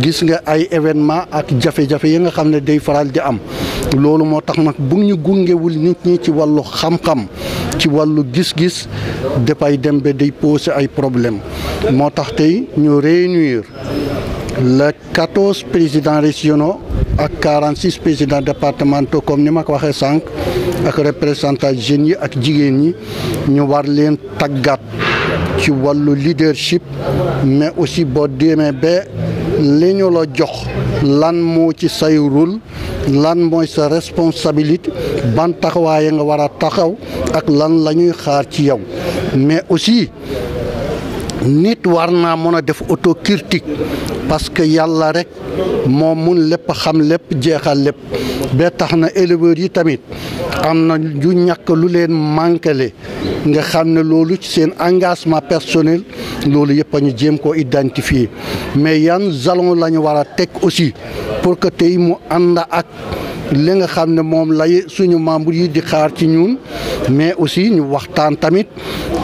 gis nga ay événement ak jafe-jafe yi nga xam ne day faral di am loolu moo tax nag bu ñu gungewul nit ñi ci wàllu xam-xam ci wàllu gis-gis dafay dem ba day poser ay problème moo tax tey ñu réunir la quatorze présidents régionaux ak quarante six présidents départementaux comme ni ma ko waxee sànq ak représentate jeunes yi ak jigéen ñi ñu war leen tàggat ci wàllu leadership mais aussi boo demee ba li ñu la jox lan moo ci say lan mooy sa responsabilité ban taxawaay nga war a taxaw ak lan la ñuy xaar ci yow mais aussi nit war naa mën a def autocritique parce que yàlla rek moo mun lépp xam lépp jeexal lépp ba tax na éleveurs yi tamit am na ñu ñàkk lu leen manqué nga xam ne loolu ci seen engagement personnel loolu yëpp a ñu jéem koo identifier mais yan jalon lañu ñu war a teg aussi pour que tey mu ànd ak. li nga xam ne moom lay suñu membres yi di xaar ci ñun mais aussi ñu waxtaan tamit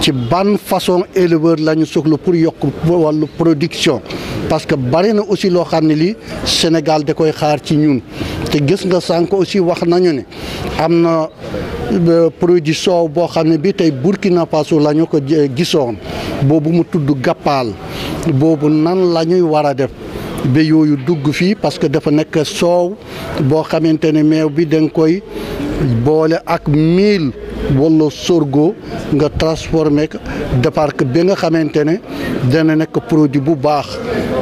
ci ban façon éleveur la ñu soxla pour yokk wàllu production parce que bari na aussi loo xam ne lii Sénégal da koy xaar ci ñun te gis nga sànq aussi wax nañu ne am na euh, produit soow boo xam ne bi tey Burkina Faso la ñu ko euh, gisoon boobu mu tudd gàppaal boobu nan la ñuy war a def ba yooyu dugg fii parce que dafa nekk soow boo xamante ne meew bi danga koy boole ak mil wala sorgo nga transformé defar ko ba nga xamante ne dana nekk produit bu baax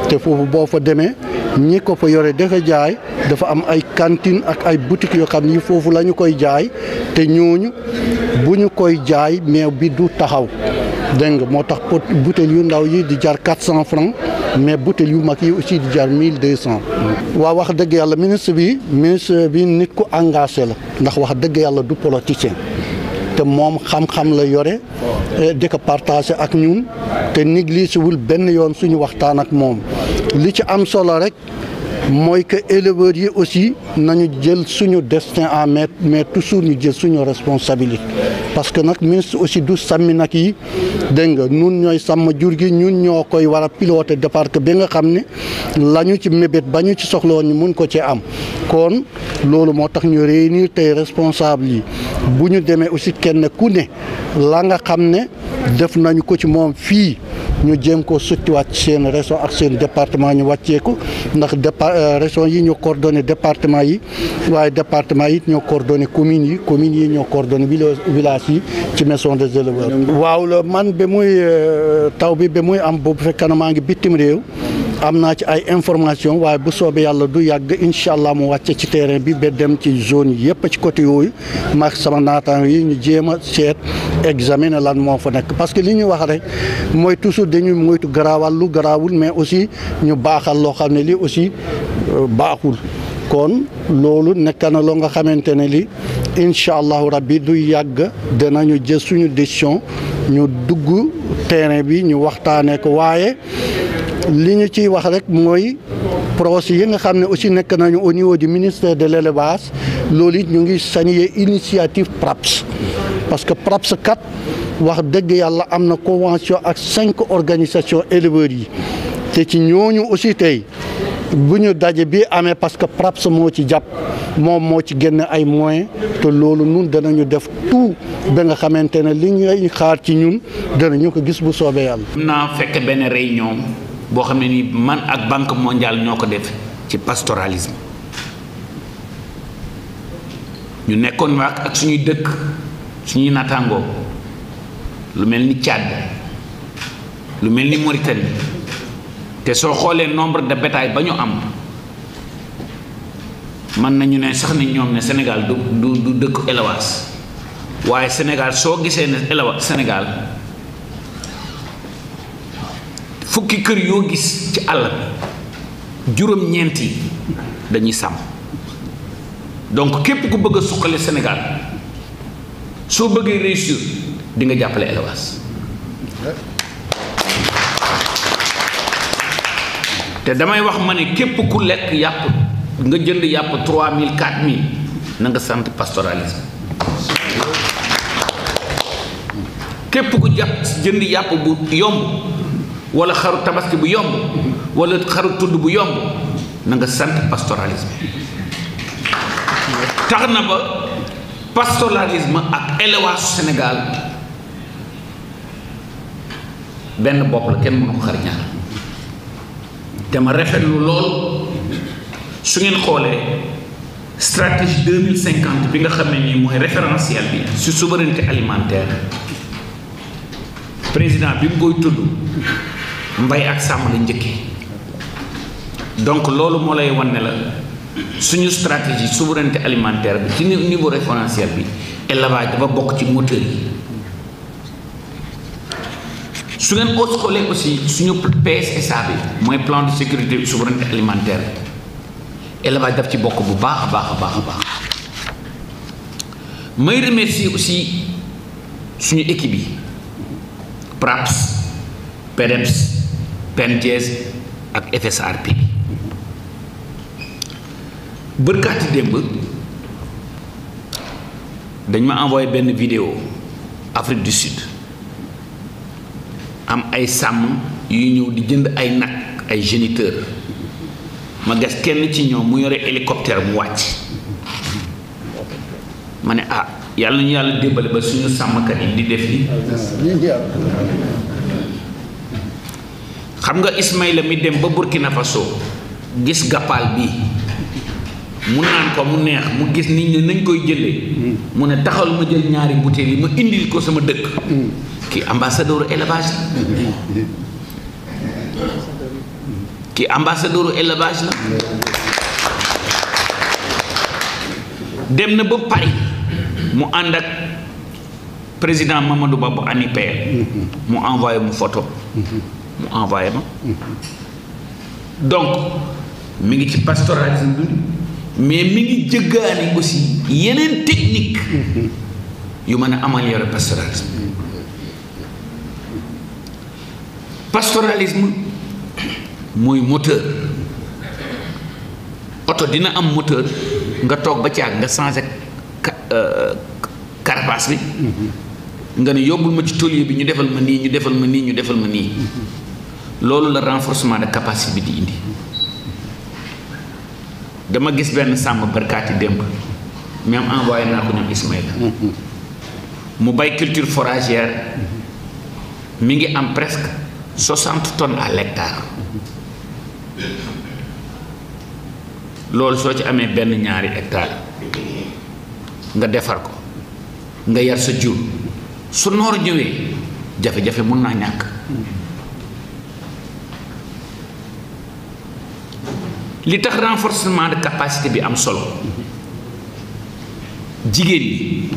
te foofu boo fa demee ñi ko fa yore dafa jaay dafa am ay cantine ak ay boutique yoo xam ni foofu la ñu koy jaay te ñooñu bu ñu koy jaay meew bi du taxaw dégg nga moo tax pot bouteille yu ndaw yi di jar quatre cent francs mais bouteille yu mag yi aussi di jar mille deux cent. waaw wax dëgg yàlla ministre bi ministre bi nit ku engagé la ndax wax dëgg yàlla du politicien te moom xam-xam la yore eh, di ko ak ñun te négligé wul benn yoon suñu waxtaan ak moom li ci am solo rek. mooy que éleveurs yi aussi nañu jël suñu destin en main mais toujours ñu jël suñu responsabilité parce que nag ministre aussi du sàmmi nag yi dégg nga ñun ñooy sàmm jur gi ñun ñoo koy war a piloter de part que bi nga xam ne la ñu ci mébét ba ñu ci soxloon ñu mun ko ci am kon loolu moo tax ñu réunir tey responsable yi bu ñu demee aussi kenn ku ne la nga xam ne def nañu ko ci moom fii ñu jéem koo suttiwaat seen région ak seen département ñu wàcceeku ndax départ euh, région yi ñoo coordonné département yi waaye département yi ñoo coordonné communes yi communes yi ñoo coordonné village yi ci maison des éleveurs waaw man ba muy euh, taw bi ba muy am bu fekkee ne maa ngi bitim réew am naa ci ay information waaye bu soobee yàlla du yàgg incha allah mu wàcce ci terrain bi ba dem ci zone yëpp ci côté yooyu ma sama naataan yi ñu jéem a seet examiner lan moo fa nekk parce que li ñuy wax rek mooy toujours dañuy moytu garaawallu garaawul mais aussi ñu baaxal loo xam ne lii aussi euh, baaxul kon loolu nekk na loo nga xamante ne li incha allahu rabbi du yàgg danañu jël suñu décision ñu dugg terrain bi ñu waxtaanee ko waaye li ñu ciy wax rek mooy projet yi nga xam ne aussi nekk nañu au niveau du ministère de l'élevage loolu it ñu ngi sañee initiative PRAPS parce que PRAPS kat wax dëgg yàlla am na convention ak cinq organisations éleveurs yi te ci ñooñu aussi tey bu ñu daje bi amee parce que PRAPS moo ci jàpp moom moo ci génn ay moyen te loolu nun danañu def tout ba nga xamante ne li ñuy xaar ci ñun danañu ko gis bu soobee yàlla. naa fekk benn réunion. boo xam ne nii man ak banque mondiale ñoo ko def ci pastoralisme ñu nekkoon waak ak suñuy dëkk suñuy nattangoo lu mel ni Tchad lu mel ni Mauritanie te soo xoolee nombre de betaay ba ñu am mën nañu ne sax ni ñoom ne Sénégal du du du dëkk élevage waaye Sénégal soo gisee ne élevage Sénégal fukki kër yoo gis ci àll bi juróom dañuy sàmm donc képp ku bëgg a sénégal soo bëggee réussir di nga jàppale élevage te damay wax ma képp ku nga jënd 3000 4000 na nga pastoralisme képp ku jàpp jënd bu yomb wala xaru tabaski bu yomb wala xaru tudd bu yomb na nga sant pastoralisme tax na ba pastoralisme ak élevage Sénégal benn bopp la kenn mënu ko xar ñaar dama rafetlu lool su ngeen xoolee stratégie deux mille cinquante bi nga xam ne nii mooy référentiel bi sur souveraineté alimentaire président bi mu koy tudd mbay ak sàmm lañ njëkkee donc loolu moo lay wan ne la suñu stratégie souveraineté alimentaire bi ci niveau référentiel bi élevage dafa bokk ci moteur yi su ngeen ko xoolee aussi suñu PSSA bi mooy plan de sécurité souveraineté alimentaire élevage daf ci bokk bu baax a baax baax a baax may remercier aussi suñu équipe yi PRAPS PEDEPS PNJS ak FSRP bërkaati démb dañ ma envoyé benn vidéo Afrique du Sud am ay sàmm yuy ñëw di jënd ay nag ay géniteur ma gas kenn ci ñoom mu yore hélicoptère mu wàcc ma ne ah yàlla ñu yàlla démbale ba suñu sàmmkat yi di def li xam nga ismaïla mi dem ba burkina faso gis gapal bi mu naan ko mu neex mu gis nit ñi nañ koy jëlee mu ne taxal ma jël ñaari bouteille ma indil ko sama dëkk ki ambassadeur élevage ki ambassadeur élevage la dem na ba paris mu ànd ak président mamadou ba bu mu envoyé mu photo mu envoyé ma donc mi ngi ci pastoralisme bi mais mi ngi jëggaani aussi yeneen technique yu mën a améliorer pastoralisme pastoralisme muy moteur oto dina am moteur nga toog ba caag nga changé euh, carapace bi nga ne yóbbul ma ci tôlier bi ñu defal ma nii ñu defal ma nii ñu defal ma nii loolu la renforcement de capacité bi di indi dama gis benn sàmm barkaati démb même envoyé naa ko ñoom Ismaïla mu bay culture foragère mi ngi am presque 60 tonnes à l'hectare loolu soo ci amee benn ñaari hectare nga defar ko nga yar sa jur su noor ñëwee jafe-jafe mun naa ñàkk li tax renforcement de capacité bi am solo jigéen yi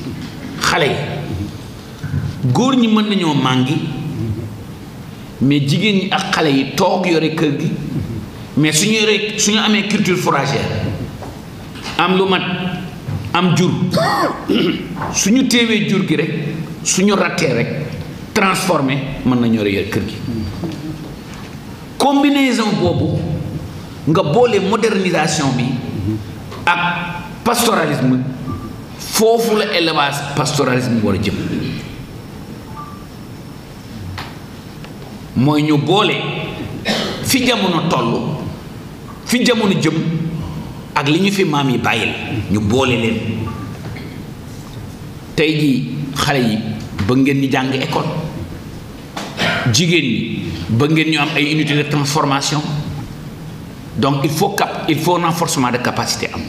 xale yi góor ñi mën nañoo màngi mais jigéen ñi ak xale yi toog yore kër gi mais suñu yore suñu amee culture fourragère am lu mat am jur suñu téewee jur gi rek su suñu rattee rek transformé mën nañoo yore kër gi combinaison boobu nga boole modernisation bi ak pastoralisme foofu la élevage pastoralisme war a jëm mooy ñu boole fi jamono toll fi jamono jëm ak li ñu fi maam yi bàyyil ñu boole leen tey jii xale yi ba ngeen ñu jàng école jigéen ñi ba ngeen ñu am ay unité de transformation donc il faut cap il faut renforcement de capacité am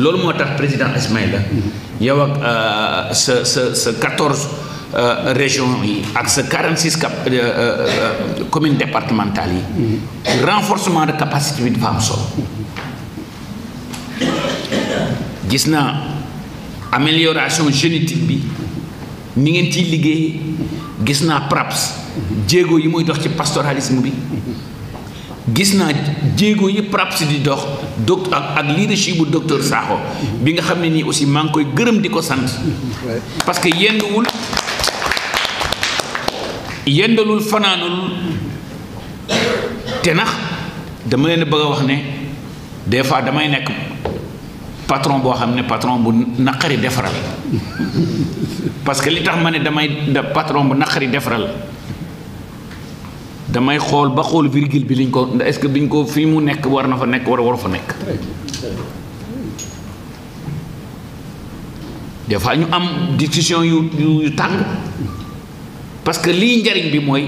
loolu moo tax président la yow ak euh, sa sa sa quatorze euh, région yi ak sa quarante six cap euh, commune départementales yi renforcement de capacité bi dafa am solo gis naa amélioration génétique bi ni ngeen ci liggéey gis naa PRAPS jéego yi muy dox ci pastoralisme bi Gisna naa jéego yi praps di dox doc ak ak leadership bu docteur Sakho bi nga xam ne aussi maa koy gërëm di ko sant parce que yenduwul yendalul fanaanul te nax dama leen bëgg wax des fois damay patron boo xam patron bu nakari defaral parce que li tax ma damay patron bu nakari defaral damay xool ba xool virgule bi liñ ko est ce que biñ ko fi mu nek war na fa nekk war waru fa nekk des ñu am discussion yu yu tàng parce que lii njariñ bi mooy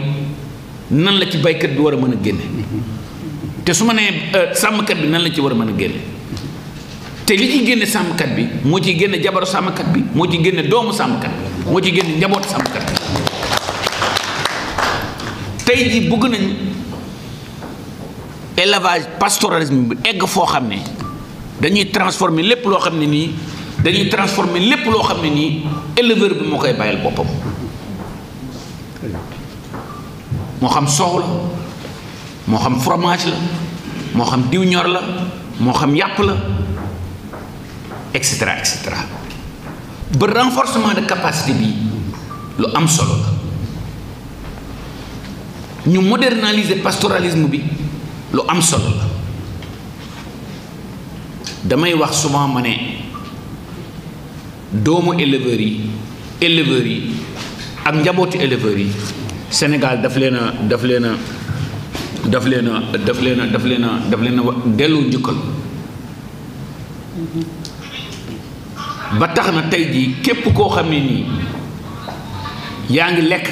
nan la ci baykat bi war a mën a génne te su ma euh, bi nan la ci war a mën a li ci sam sàmmkat bi moo ci génne jabaru sàmmkat bi moo ci génne doomu sàmmkat bi moo ci génne njaboot sàmmkat bi tey ji bëgg nañ élevage pastoralisme bi egg foo xam ne dañuy transformer lépp loo xam ne nii dañuy transformer lépp loo xam ne nii éleveur bi moo koy bàyyil boppam moo xam soow la moo xam fromage la moo xam diw ñor la moo xam yàpp la et cetera et cetera ba renforcement de capacité bi lu am solo ñu moderniser pastoralisme bi lu am solo la damay wax souvent ma ne doomu éleveurs yi éleveurs yi ak njabootu éleveurs yi Sénégal daf leen a daf leen a daf leen a daf leen a daf leen a daf leen a delloo njukkal ba tax na tey jii képp koo xam ne nii yaa ngi lekk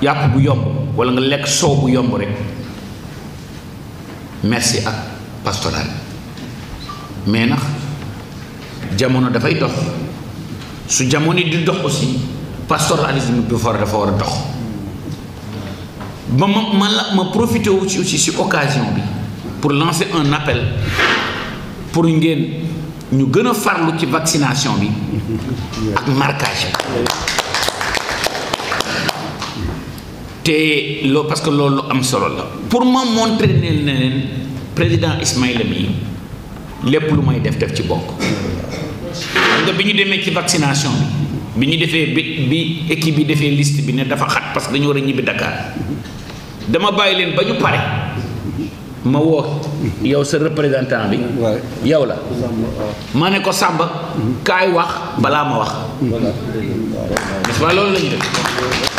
yàpp bu yomb wala nga lekk soow bu yomb rek merci ak pastoral mais nak jamono fay dox su jamono di dox aussi pastoralisme bi far dafa war dox ma ma ma la aussi aussi sur occasion bi pour lancer un appel pour ngeen ñu gën farlu ci vaccination bi ak marquage de parce que c'est am solo la pour moi montrer président Ismaïla je lepp lu may def def ci nga biñu vaccination bi bi équipe bi liste bi né dafa parce que dañu a Dakar dama ma yow ce représentant bi yow la mané ko Samba mm-hmm. wax ma wax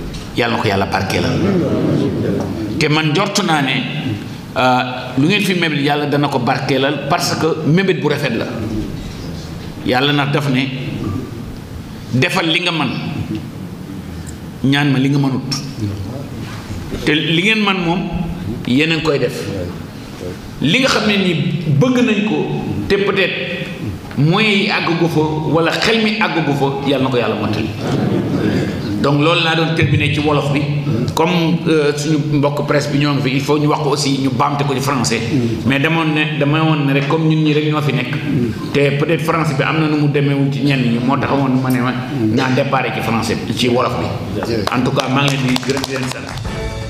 yàlla na ko yàlla barkeelal te man jortu naa ne euh, lu ngeen fi mébét yàlla dana ko barkeelal parce que mébét bu rafet la yàlla na daf ne defal li nga man ñaan ma li nga mënut te li ngeen man moom yéen a ngi koy def li nga xam ne nii bëgg nañ ko te peut-être mooy àgg gu fa walla xel mi àgg gu fa yàlla na ko yàlla mottali donc loolu laa doon terminer ci wolof bi mm-hmm. comme euh, suñu mbokk presse bi ñoo fi il faut ñu wax ko aussi ñu baamte ko ci français mm-hmm. mais demoon ne dama woon ne rek comme ñun ñi rek ñoo fi nekk mm-hmm. te peut-être français bi am na nu mu demeewul ci ñenn ñi moo taxawoon ma ne ma naa déparé ci français bi ci wolof bi en tout cas maa ngi leen di gërëm di leen sant